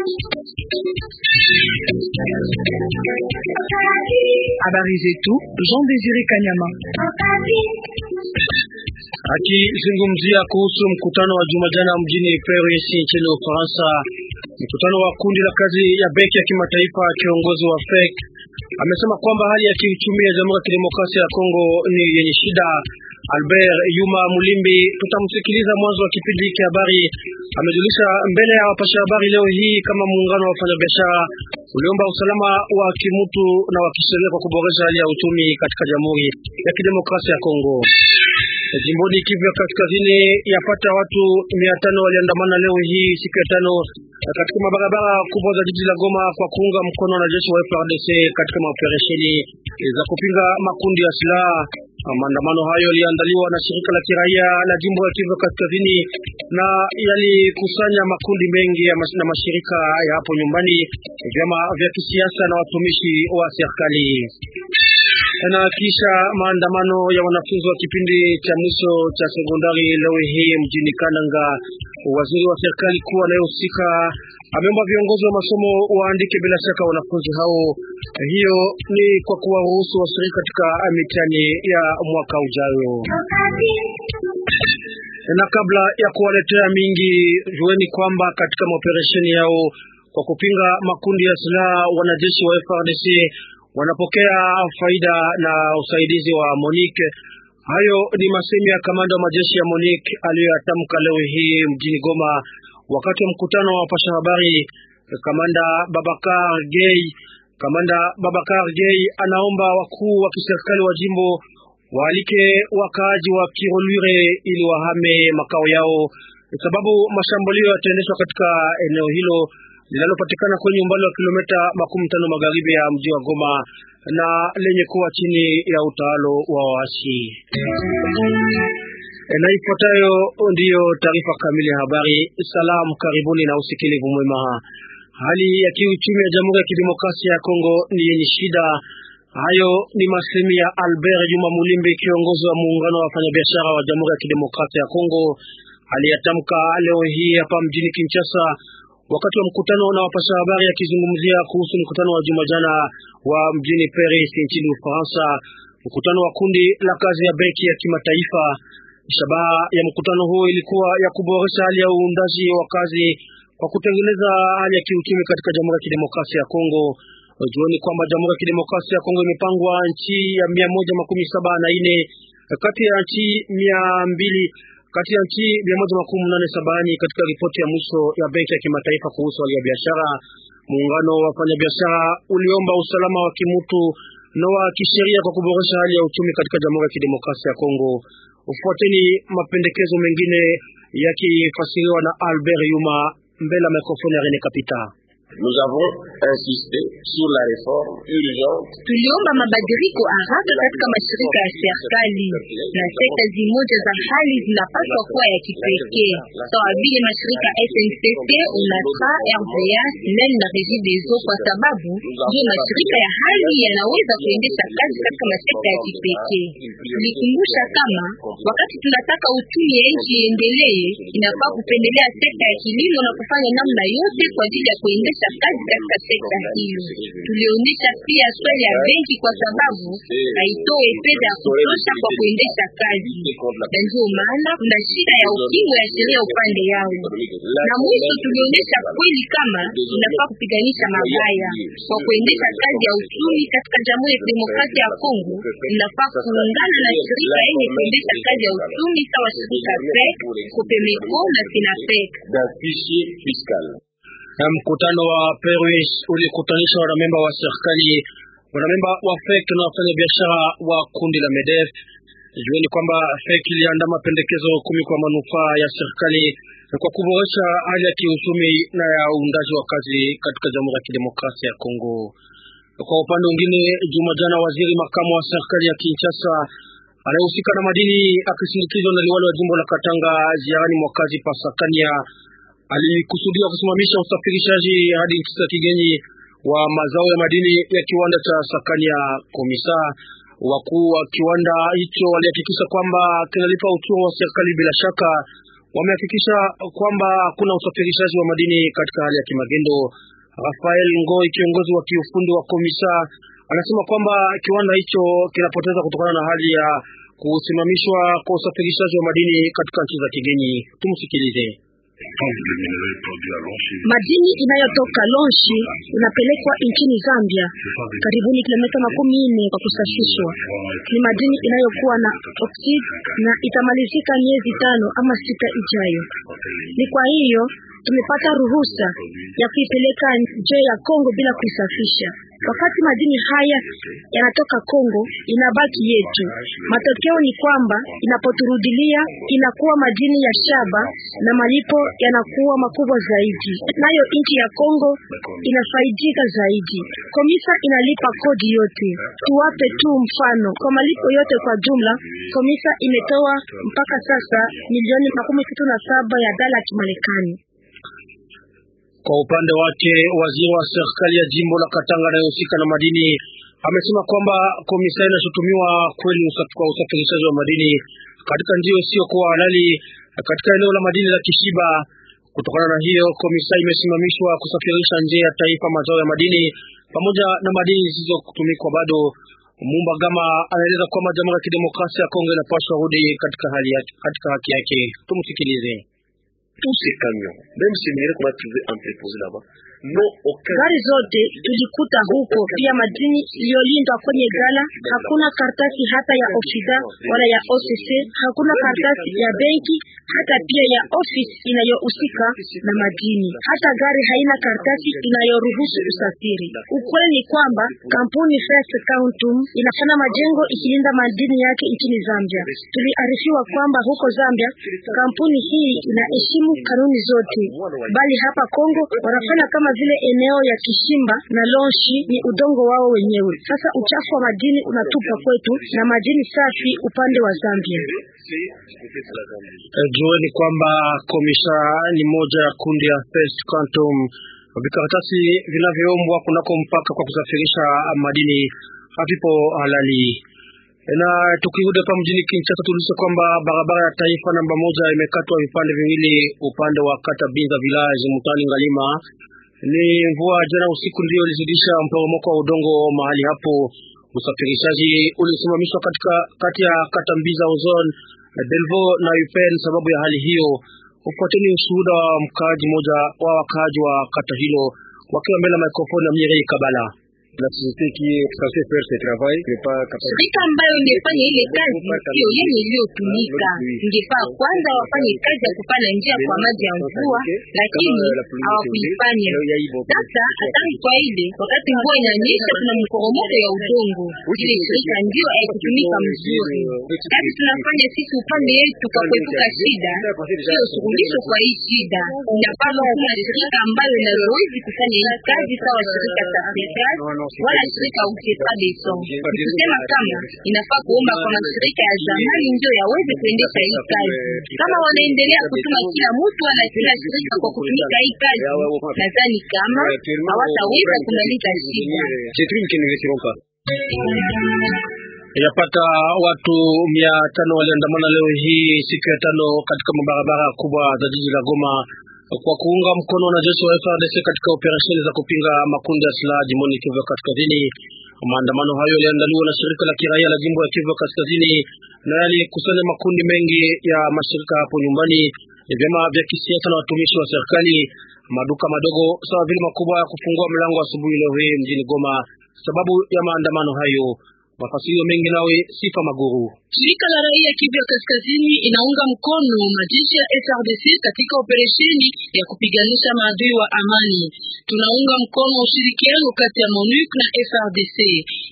Habari zetu Jean Desire Kanyama akizungumzia kuhusu mkutano wa jana mjini Paris nchini Ufaransa, mkutano wa kundi la kazi ya benki ya kimataifa. Kiongozi wa FEC amesema kwamba hali ya kiuchumi ya Jamhuri ya Kidemokrasia ya Kongo ni yenye shida. Albert Yuma Mulimbi, tutamsikiliza mwanzo wa kipindi hiki habari. Amejulisha mbele ya wapasha habari leo hii kama muungano wa wafanyabiashara uliomba usalama wa kimutu na wa kisheria kwa kuboresha hali ya uchumi katika Jamhuri ya Kidemokrasia ya Kongo. Jimboni Kivu ya Kaskazini, yapata watu mia tano waliandamana leo hii siku ya tano katika mabarabara kubwa za jiji la Goma kwa kuunga mkono wanajeshi wa FARDC katika maoperesheni za kupinga makundi ya silaha. Maandamano hayo yaliandaliwa na shirika la kiraia la jimbo ya Kivu Kaskazini na yalikusanya makundi mengi ya mas na mashirika ya hapo nyumbani, vyama vya kisiasa na watumishi wa serikali. Na kisha maandamano ya wanafunzi wa kipindi cha mwisho cha sekondari leo hii mjini Kananga, waziri wa serikali kuwa anayehusika ameomba viongozi wa masomo waandike bila shaka wanafunzi hao. Hiyo ni kwa kuwaruhusu washiriki katika mitihani ya mwaka ujayo. Na kabla ya kuwaletea mingi, jueni kwamba katika maoperesheni yao kwa kupinga makundi ya silaha, wanajeshi wa frdc wanapokea faida na usaidizi wa Monique. Hayo ni masemi ya kamanda wa majeshi ya Monique aliyoyatamka leo hii mjini Goma. Wakati wa mkutano wa wapasha habari, kamanda Babakar Gay kamanda Babakar Gay anaomba wakuu wa kiserikali wa jimbo waalike wakaaji wa Kirolure ili wahame makao yao, sababu mashambulio yataendeshwa katika eneo hilo linalopatikana kwenye umbali wa kilomita makumi tano magharibi ya mji wa Goma na lenye kuwa chini ya utawalo wa waasi. Eh, na ifuatayo ndiyo taarifa kamili ya habari. Salamu, karibuni na usikilivu mwema. Hali ya kiuchumi ya Jamhuri ya Kidemokrasia ya Kongo ni yenye shida. Hayo ni masemi ya Albert Juma Mulimbi, kiongozi wa muungano wa wafanyabiashara wa Jamhuri ya Kidemokrasia ya Kongo, aliyatamka leo hii hapa mjini Kinshasa wakati wa mkutano na wapasha habari, akizungumzia kuhusu mkutano wa juma jana wa mjini Paris nchini Ufaransa, mkutano wa kundi la kazi ya benki ya kimataifa Shabaha ya mkutano huo ilikuwa ya kuboresha hali ya uundaji wa kazi kwa kutengeneza hali ya kiuchumi katika Jamhuri ya Kidemokrasia ya Kongo. Jueni kwamba Jamhuri ya Kidemokrasia ya Kongo imepangwa nchi ya mia moja makumi saba na nne kati ya nchi mia mbili kati ya nchi mia moja makumi nane sabani katika ripoti ya mwisho ya Benki ya Kimataifa kuhusu hali ya biashara. Muungano wa wafanyabiashara uliomba usalama wa kimutu na wa kisheria kwa kuboresha hali ya uchumi katika Jamhuri ya Kidemokrasia ya Kongo. Ufuateni mapendekezo mengine yakifasiriwa na Albert Yuma mbele ya mikrofoni ya Rene Kapita. Nous avons insisté sur la réforme urgente. Tuliomba mabadiliko haraka katika mashirika ya serikali na sekta zimoja za hali zinapaswa kuwa ya kipekee, sawa vile mashirika SNCC, ONATRA, RVA, SNEL na Régie des Eaux, kwa sababu ndio mashirika ya hali yanaweza kuendesha kazi katika masekta ya kipekee. Tulikumbusha kama wakati tunataka uchumi ya nchi iendelee, inafaa kupendelea sekta ya kilimo na kufanya namna yote kwa ajili ya kuendesha kuleta kazi katika sekta hiyo. Tulionyesha pia swali ya benki kwa sababu haitoe fedha ya kutosha kwa kuendesha kazi, na ndio maana kuna shida ya ukingo ya sheria upande yao. Na mwisho tulionyesha kweli kama tunafaa kupiganisha mabaya kwa kuendesha kazi ya uchumi katika Jamhuri ya Kidemokrasia ya Kongo, inafaa kuungana na shirika yenye kuendesha kazi ya uchumi sawa shirika PEC, Copemeco na Sinapec. Mkutano wa Paris ulikutanisha wanamemba wa serikali, wanamemba wa FEC na wafanya biashara wa kundi la MEDEF. Jueni kwamba FEC iliandaa mapendekezo kumi kwa manufaa ya serikali kwa kuboresha hali ya kiuchumi na ya uundaji wa kazi katika Jamhuri ya Kidemokrasia ya Kongo. Kwa upande mwingine, juma jana, waziri makamu wa serikali ya Kinshasa anayehusika na madini akisindikizwa na liwali wa jimbo la Katanga ziarani mwakazi pasakania alikusudia kusimamisha usafirishaji hadi nchi za kigeni wa mazao ya madini ya kiwanda cha Sakania. Komisa wakuu wa kiwanda hicho walihakikisha kwamba kinalipa ushuru wa serikali. Bila shaka wamehakikisha kwamba hakuna usafirishaji wa madini katika hali ya kimagendo. Rafael Ngoi, kiongozi wa kiufundi wa Komisa, anasema kwamba kiwanda hicho kinapoteza kutokana na hali ya kusimamishwa kwa usafirishaji wa madini katika nchi za kigeni. Tumsikilize. Madini inayotoka Lonshi inapelekwa nchini Zambia karibuni kilomita makumi nne kwa kusafishwa. Ni madini inayokuwa na oksidi na itamalizika miezi tano ama sita ijayo. Ni kwa hiyo tumepata ruhusa ya kuipeleka nje ya Kongo bila kuisafisha. Wakati madini haya yanatoka Kongo, inabaki yetu. Matokeo ni kwamba inapoturudilia inakuwa madini ya shaba na malipo yanakuwa makubwa zaidi, nayo nchi ya Kongo inafaidika zaidi. Komisa inalipa kodi yote. Tuwape tu mfano kwa malipo yote kwa jumla, Komisa imetoa mpaka sasa milioni makumi tatu na saba ya dola ya Kimarekani. Kwa upande wake waziri wa serikali ya jimbo la Katanga anayehusika na madini amesema kwamba komisa inashutumiwa kweli kwa usafirishaji wa madini katika njia isiyokuwa halali katika eneo la madini la Kishiba. Kutokana na hiyo, komisa imesimamishwa kusafirisha nje ya taifa mazao ya madini pamoja na madini zisizotumikwa bado. Mumba Gama anaeleza kwamba Jamhuri ya Kidemokrasia ya Kongo inapaswa rudi katika hali yake, katika haki yake. Tumsikilize. tous ces camions, même ces milliers qu'on a trouvé entreposés là-bas, No, okay. Gari zote tulikuta huko pia madini iliyolindwa kwenye gala. Hakuna kartasi hata ya ofida wala ya OCC, hakuna kartasi ya benki hata pia ya ofisi inayohusika na madini. Hata gari haina kartasi inayoruhusu usafiri. Ukweli ni kwamba kampuni First Quantum inafanya majengo ikilinda madini yake nchini Zambia. Tuliarifiwa kwamba huko Zambia kampuni hii inaheshimu kanuni zote, bali hapa Kongo wanafanya kama kama vile eneo ya Kishimba na Lonshi ni udongo wao wenyewe. Sasa uchafu wa madini unatupwa kwetu na madini safi upande wa Zambia. Eh, jueni kwamba komisha ni moja ya kundi ya First Quantum vikaratasi vinavyoombwa kunako mpaka kwa kusafirisha madini havipo halali. Eh, na tukirudi hapa mjini Kinshasa, tulisema kwamba barabara ya taifa namba moja imekatwa vipande viwili upande wa kata Binza village mtaani Ngalima ni mvua jana usiku ndio ilizidisha mporomoko wa udongo mahali hapo. Usafirishaji ulisimamishwa katika kati ya kata mbili za Ozon, Delvo na Upen sababu ya hali hiyo. Ufuateni ushuhuda wa mkaaji mmoja wa wakaaji wa kata hilo wakiwa mbele ya mikrofoni ya Mnyerei Kabala. Shirika ambayo ingefanya ile kazi sio yenye iliyotumika. Ingefaa kwanza wafanye kazi ya kupana njia kwa maji ya mvua, lakini hawakuifanya. Sasa hatari kwa ile wakati mvua inanyesha, kuna mkoromoko ya udongo. Ile shirika ndio haikutumika mzuri. Kazi tunafanya sisi upande yetu kwa kuepuka shida, sio suluhisho kwa hii shida. Inapaswa kuna shirika ambayo inawezi kufanya hii kazi sawa shirika za serikali wala shirika Ukepadeso. Ni kusema kama inafaa kuomba kwa mashirika ya zamani ndio yaweze kuendesha hii kazi. Kama wanaendelea kutuma kila mtu ana kila shirika kwa kutumika hii kazi, nadhani kama hawataweza kumaliza shida yapata watu mia tano waliandamana leo hii siku ya tano katika mabarabara kubwa za jiji la Goma kwa kuunga mkono wanajeshi wa FARDC katika operesheni za kupinga makundi ya silaha jimboni Kivu ya Kaskazini. Maandamano hayo yaliandaliwa na shirika la kiraia la jimbo ya Kivu ya Kaskazini na yalikusanya makundi mengi ya mashirika hapo nyumbani, vyama vya kisiasa na watumishi wa serikali. Maduka madogo sawa vile makubwa ya kufungua mlango asubuhi leo hii mjini Goma sababu ya maandamano hayo mafasirio mengi nawe sifa maguru. Shirika la raia Kivu ya Kaskazini inaunga mkono majeshi ya srdc katika operesheni ya kupiganisha maadui wa amani. Tunaunga mkono ushirikiano kati ya MONUC na srdc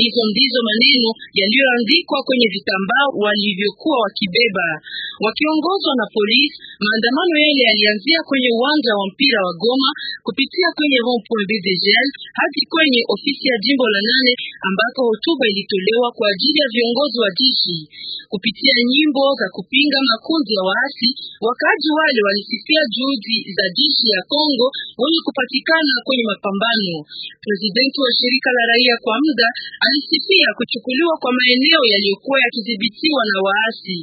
Hizo ndizo maneno yaliyoandikwa kwenye vitambaa walivyokuwa wakibeba. Wakiongozwa na polisi, maandamano yale yalianzia kwenye uwanja wa mpira wa Goma kupitia kwenye rond point BDGL hadi kwenye ofisi ya jimbo la nane ambako hotuba ilitolewa kutolewa kwa ajili ya viongozi wa jeshi kupitia nyimbo za kupinga makundi ya waasi. Wakaaji wale walisifia juhudi za jeshi ya Kongo wenye kupatikana kwenye mapambano. Presidenti wa shirika la raia kwa muda alisifia kuchukuliwa kwa maeneo yaliyokuwa yakidhibitiwa na waasi.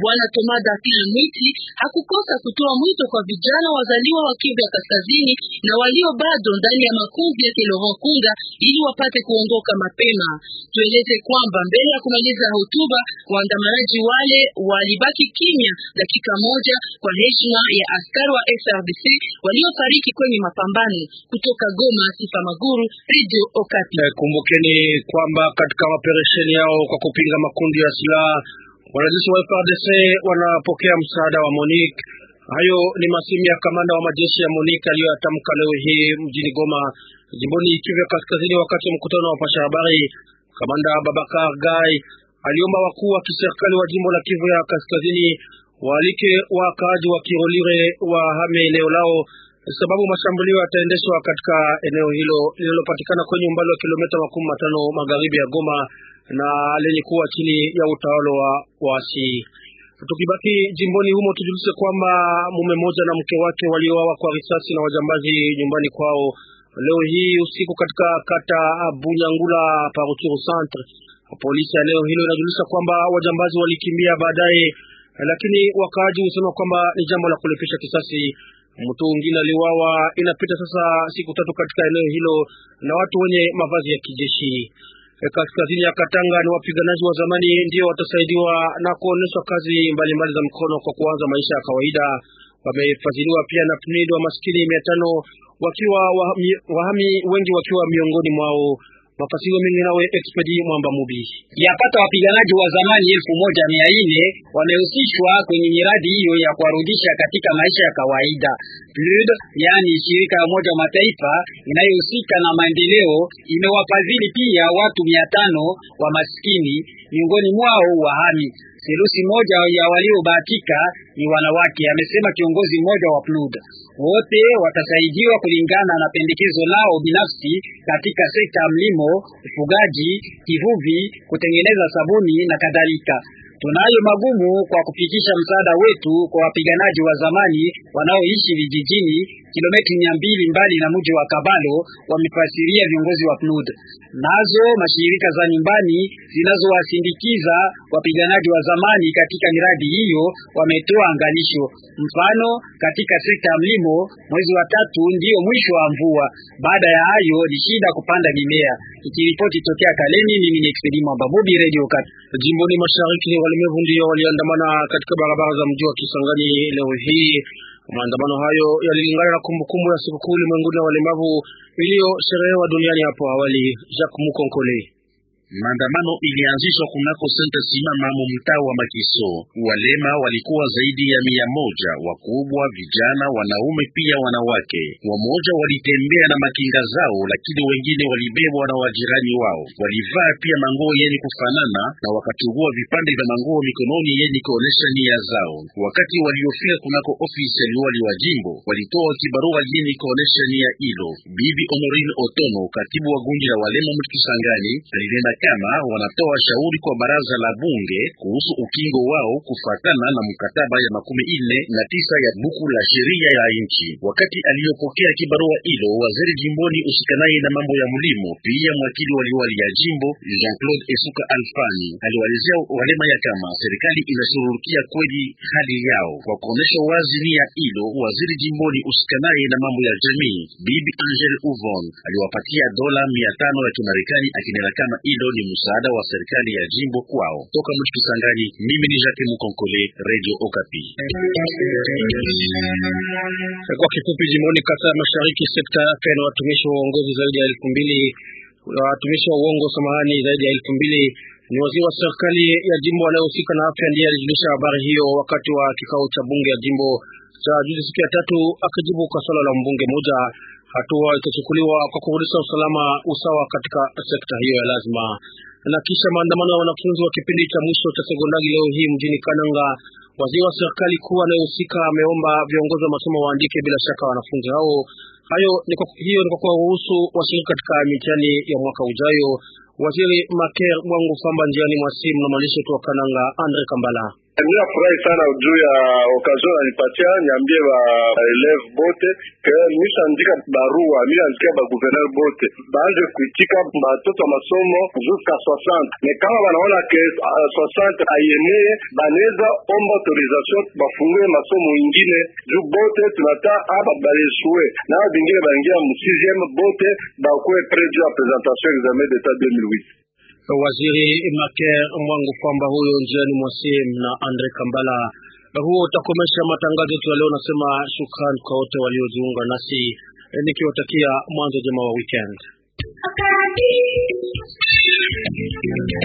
Bwana Tomada Kilamwiti hakukosa kutoa mwito kwa vijana wazaliwa wa Kivu ya Kaskazini na walio bado ndani ya makundi ya Laurent ili wapate kuondoka mapema. Tueleze kwamba mbele ya kumaliza hotuba waandamanaji wale walibaki kimya dakika moja kwa heshima ya askari wa FRDC waliofariki kwenye mapambano. Kutoka Goma, Sifa Maguru, Radio Okapi. Eh, kumbukeni kwamba katika operesheni yao kwa kupinga makundi ya silaha wanajeshi wa frdc wanapokea msaada wa MONUC. Hayo ni masimu ya kamanda wa majeshi ya MONUC aliyoyatamka leo hii mjini Goma, jimboni Kivu Kaskazini, wakati wa mkutano wa pasha habari. Kamanda Babakar Gai aliomba wakuu wa kiserikali wa jimbo la Kivu ya Kaskazini waalike wakaaji wa Kirolire wahame eneo lao, sababu mashambulio yataendeshwa katika eneo hilo lililopatikana kwenye umbali wa kilomita makumi matano magharibi ya Goma na lenye kuwa chini ya utawala wa waasi. Tukibaki jimboni humo, tujulishe kwamba mume mmoja na mke wake waliowawa kwa risasi na wajambazi nyumbani kwao leo hii usiku katika kata Bunyangula pa Rutshuru centre. Polisi ya leo hilo inajulisha kwamba wajambazi walikimbia baadaye, lakini wakaaji husema kwamba ni jambo la kulipisha kisasi. Mtu mwingine aliwawa. Inapita sasa siku tatu katika eneo hilo na watu wenye mavazi ya kijeshi. E, kaskazini ya Katanga ni wapiganaji wa zamani ndio watasaidiwa na kuonyeshwa kazi mbalimbali mbali za mkono kwa kuanza maisha ya kawaida. Wamefadhiliwa pia na PNUD wa maskini mia tano wakiwa wahami wengi wakiwa miongoni mwao. Mafasiri mengi nawe Expedi Mwamba Mubi. Yapata wapiganaji wa zamani elfu moja mia nne wamehusishwa kwenye miradi hiyo ya kuwarudisha katika maisha ya kawaida. PLUD, yaani shirika ya Umoja wa Mataifa inayohusika na maendeleo, imewafadhili pia watu mia tano wa maskini, miongoni mwao wahami selusi moja ya waliobahatika ni wanawake, amesema kiongozi mmoja wa PNUD. Wote watasaidiwa kulingana na pendekezo lao binafsi katika sekta ya mlimo, ufugaji, kivuvi, kutengeneza sabuni na kadhalika. Tunayo magumu kwa kufikisha msaada wetu kwa wapiganaji wa zamani wanaoishi vijijini kilometri mia mbili mbali na mji wa Kabalo, wamefasiria viongozi wa PNUD. Nazo mashirika za nyumbani zinazowasindikiza wapiganaji wa zamani katika miradi hiyo wametoa angalisho. Mfano, katika sekta ya mlimo, mwezi wa tatu ndiyo mwisho wa mvua. Baada ya hayo ni shida kupanda mimea. Ikiripoti tokea Kalemi, mimi ni Expedima Babubi, Radio Kat. Jimboni mashariki, walimevu ndio waliandamana katika barabara za mji wa Kisangani leo hii Maandamano hayo yalilingana na kumbukumbu ya sikukuu ulimwenguni ya walemavu iliyosherehewa duniani hapo awali. Jacques Mukonkole Maandamano ilianzishwa kunako senta simamamo mtaa wa Makiso. Walema walikuwa zaidi ya mia moja, wakubwa, vijana, wanaume pia wanawake. Wamoja walitembea na makinga zao, lakini wengine walibebwa na wajirani wao. Walivaa pia manguo yenye kufanana na wakachukua vipande vya manguo mikononi yenye kuonesha nia zao. Wakati waliofika kunako ofisi ya liwali wa jimbo, walitoa kibarua yenye kuonesha nia hilo. Bibi Honorine Otono, katibu wa gundi la walema mtu Kisangani, alinena kama wanatoa shauri kwa baraza la bunge kuhusu ukingo wao kufatana na mkataba ya makumi ine na tisa ya buku la sheria ya nchi. Wakati aliyopokea kibarua hilo, waziri jimboni usikanaye na mambo ya mlimo, pia mwakili wa liwali ya jimbo Jean-Claude Esuka Alfani aliwaelezea walema ya kama serikali inashururukia kweli hali yao. Kwa kuonesha wazi nia hilo, waziri jimboni usikanaye na mambo ya jamii Bibi Angel Uvon aliwapatia dola mia tano ya Kimarekani akinena kama hilo ni msaada wa serikali ya jimbo kwao. Toka mji Kisangani, mimi ni Jacques Mukonkole, Radio Okapi. Kwa kifupi, jimboni Kasa Mashariki, sekta ya afya na watumishi wa uongozi zaidi ya elfu mbili watumishi wa uongo samahani, zaidi ya elfu mbili ni waziri wa serikali ya jimbo anayehusika na afya ndiye alijulisha habari hiyo wakati wa kikao cha bunge ya jimbo cha juzi siku ya tatu, akijibu kwa swala la mbunge moja Hatua itachukuliwa kwa kurudisha usalama usawa katika sekta hiyo ya lazima. Na kisha maandamano ya wanafunzi wa kipindi cha mwisho cha sekondari leo hii mjini Kananga, waziri wa serikali kuu anayehusika ameomba viongozi wa masomo waandike bila shaka wanafunzi hao. Hayo ni kwa hiyo ni kwa kuwaruhusu washiriki katika mitihani ya mwaka ujayo. Waziri Maker Mwangu Famba, njiani mwa simu na mwandishi wetu wa Kananga Andre Kambala. Ninafurahi sana juu ya okazio nanipatia niambie ba eleve bote ke niishaandika barua niishaandikia ba bote baanze kuitika batoto wa masomo juska 60 ne kama wanaona ke 60 ah, ayemee baneza omba autorisation bafungue masomo ingine juu bote tunata aba balesue na bingine baingia mu 6e bote bakuwe pre juu ya presentation examen d'etat 2008 Waziri Maker Mwangu kwamba huyo njiani mwasim na Andre Kambala. Huo utakomesha matangazo yetu ya leo. Nasema shukrani kwa wote waliojiunga nasi nikiwatakia mwanzo jema wa weekend. Okay.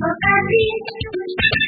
Okay.